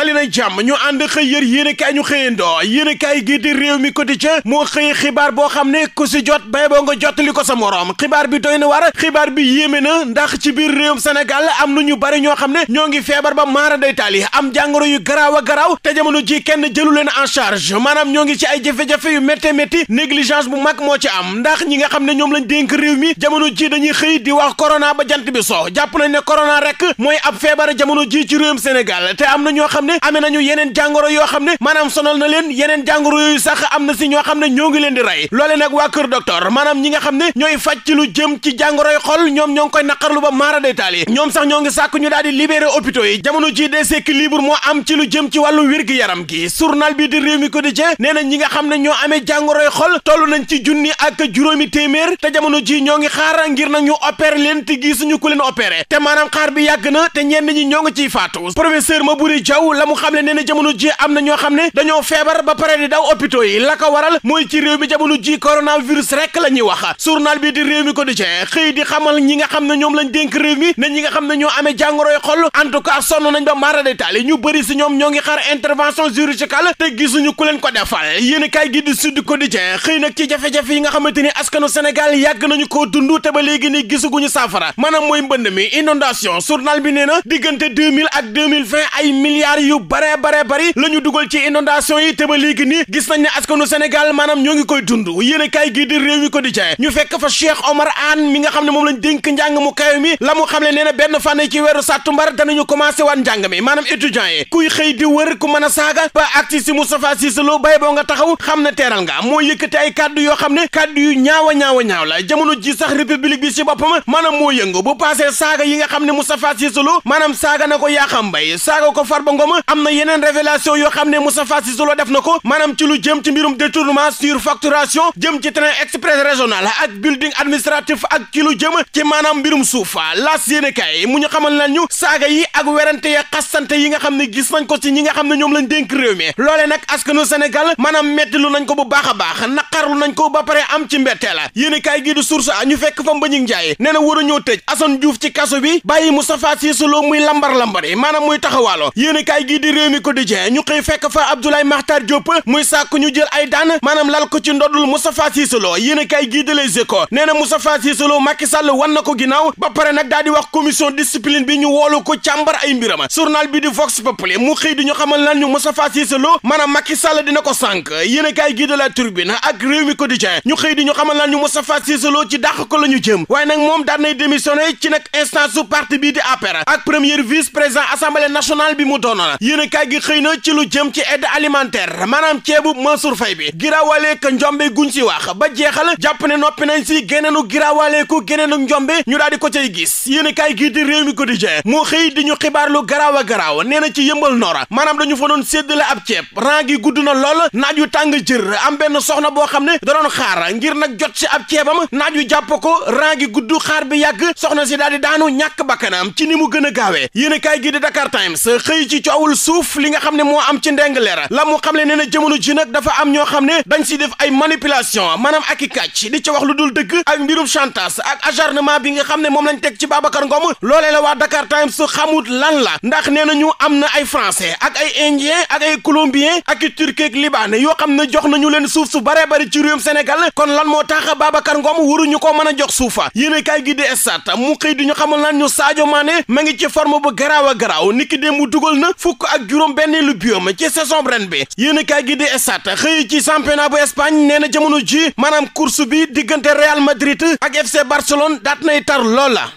dali na jàmm ñu ànd xëy yër yéen kaay ñu xëyandoo yéen kaay gi di réew mi quotidien moo xëy xibaar boo xam ne ku si jot bay boo nga jottali ko sa moroom xibaar bi doy na war xibaar bi yéeme na ndax ci biir réewum senegal am na ñu bari ñoo xam ne ñoo ngi feebar ba maara day taali am jàngoro yu garaaw a garaaw te jamono ji kenn jëlu leen en charge maanaam ñoo ngi ci ay jafe-jafe yu métti métti négligence bu mag moo ci am ndax ñi nga xam ne ñoom lañ dénk réew mi jamono ji dañuy xëy di wax corona ba jant bi jàpp nañ ne corona rek mooy feebar jamono ji ci réewum Sénégal te am na ñoo xam ne amee nañu yeneen jàngoro yoo xam ne maanaam sonal na leen yeneen jàngoro yooyu sax am na si ñoo xam ne ñoo ngi leen di rey loole nag waa kër docteur maanaam ne ñooy faj ci lu jëm ci jàngoroy xol ñoom ñoo ngi koy naqarlu ba maara day taali ñoom sax ñoo ngi sàkk ñu daal di libéré hôpitaux yi jamono ji déséquilibre moo am ci lu jëm ci wàllu wér yaram gi journal bi di réew mi quotidien nee na ñi nga xam ne ñoo amee jàngoroy xol toll nañ ci junni ak juróomi téeméer te jamono ji ñoo ngi xaar ngir nag ñu opéré leen te gisuñu ku leen opéré te maanaam xaar bi na te ñenn ñi ñoo ngi ciy faatu professeur Maboury la xam le nee na jamono ji am na ñoo xam ne dañoo feebar ba pare di daw hôpitaux yi la waral mooy ci réew mi jamono ji coronavirus rek la ñuy wax surnal bi di réew mi quotidien xëy di xamal ñi nga xam ne ñoom lañ dénk réew mi ne ñi nga xam ne ñoo amee jàngoroy xol en tout cas sonn nañ ba maara detaali ñu bëri si ñoom ñoo ngi xar intervention chirurgicale te gisuñu ku leen ko defal yéen kaay gi di Sud Quotidien xëy nag ci jafe-jafe yi nga xamante ni askanu Sénégal yàgg nañu koo dund te ba léegi ni gisuguñu saafara maanaam mooy mbënd mi inondation journal bi nee na diggante 2000 ak 2020 ay milliards yu baree baree bari ñu dugal ci inondation yi te ba léegi nii gis nañ ne askanu Sénégal maanaam ñoo ngi koy dund yéen a kaay gii di réew mi ko di jaay ñu fekk fa Cheikh Omar Anne mi nga xam ne moom lañ dénk njàng mu kawe mi la mu xam ne nee na benn fànn ci weeru sàttumbar danañu commencé waat njàng mi maanaam étudiant yi kuy xëy di wër ku mën a saaga ba artiste Moustapha Cissé Lo bay boo nga taxaw xam ne teeral nga moo yëkkati ay kàddu yoo xam ne kàddu yu ñaawa ñaawa ñaaw la jamono ji sax république bi ci boppam maanaam moo yëngu bu passé saaga yi nga xam ne Moustapha Cissé Lo maanaam saaga na ko Yakham Mbaye saaga ko Farba am na yeneen révélation yoo xam ne Moustapha Cissé Lo def na ko maanaam ci lu jëm ci mbirum détournement sur facturation jëm ci train express régional ak building administratif ak ci lu jëm ci maanaam mbirum suufa laas yéene kaay mu ñu xamal na ñu saaga yi ak werante ya xastante yi nga xam ne gis nañ ko ci ñi nga xam ne ñoom lañ dénk réew mi loole nag askanu Sénégal maanaam metti lu nañ ko bu baax a baax naqarlu nañ ko ba pare am ci mbettee la yéene kaay gii du ñu fekk fa Mbagnick Ndiaye nee na war a ñoo tëj Assane Diouf ci kaso bi bàyyi Moustapha Cissé muy lambar lambari maanaam muy taxawaalo yéene gii di réew mi quotidien ñu xëy fekk fa Abdoulaye Makhtar Diop muy sàkk ñu jël ay daan maanaam lal ko ci ndodul Moustapha Cissé Lo yéen a kaay gii di Les Échos nee na Moustapha Cissé Lo Macky Sall wan na ko ginnaaw ba pare nag daal di wax commission discipline bi ñu woolu ko càmbar ay mbirama journal bi di Vox Populi mu xëy di ñu xamal lan ñu Moustapha Cissé Lo maanaam Macky Sall dina ko sànk yéen a kaay gii de La Tribune ak réew mi quotidien ñu xëy di ñu xamal lan ñu Moustapha Cissé Lo ci dàq ko ñu jëm waaye nag moom daan nay ci nag instance su bii di APR ak président assemblée nationale bi mu doonoon yéen a gi xëy na ci lu jëm ci aide alimentaire maanaam ceebu Mansour Faye bi giraawaleeku njombe guñ si wax ba jeexal jàpp ne noppi nañ si geneenu giraawaleeku geneenu njombe ñu daal di ko cay gis yéen a gii di réew mi quotidien mu xëy di ñu xibaar lu garaaw garaaw nee na ci yëmbal noora maanaam dañu fa doon séddale ab ceeb rang gi gudd na lool naaj yu tàng jër am benn soxna boo xam ne da doon xaar ngir nag jot si ab ceebam naaj yu jàpp ko rang gi gudd xaar bi yàgg soxna si daal di daanu ñàkk bakkanam ci ni mu gën a gaawee yéen a di Dakar Times xëy ci coow laalul suuf li nga xam ne moo am ci ndengaleera la mu xam le nee na jamono ji nag dafa am ñoo xam ne dañ si def ay manipulation maanaam ak i kàcc di ca wax lu dul dëgg ak mbirum chantage ak acharnement bi nga xam ne moom lañ teg ci Babacar Ngom loolee la waa Dakar Times xamut lan la ndax nee na ñu am na ay français ak ay indien ak ay colombien ak i turquie ak libanais yoo xam ne jox nañu leen suuf su bare bari ci réewum Sénégal kon lan moo tax Babacar Ngom waruñu ko mën a jox suufa yéene kaay gi di estat mu xëy di ñu xamal lan ñu Sadio Mané ma ngi ci forme bu garaaw a garaaw niki démb dugal na fukk ak juróom benn lu biom ci saison ren bi yéen kaay gi di estat xëy ci championnat bu Espagne nee na jamono ji maanaam course bi diggante Real Madrid ak FC Barcelone daat nay tar loola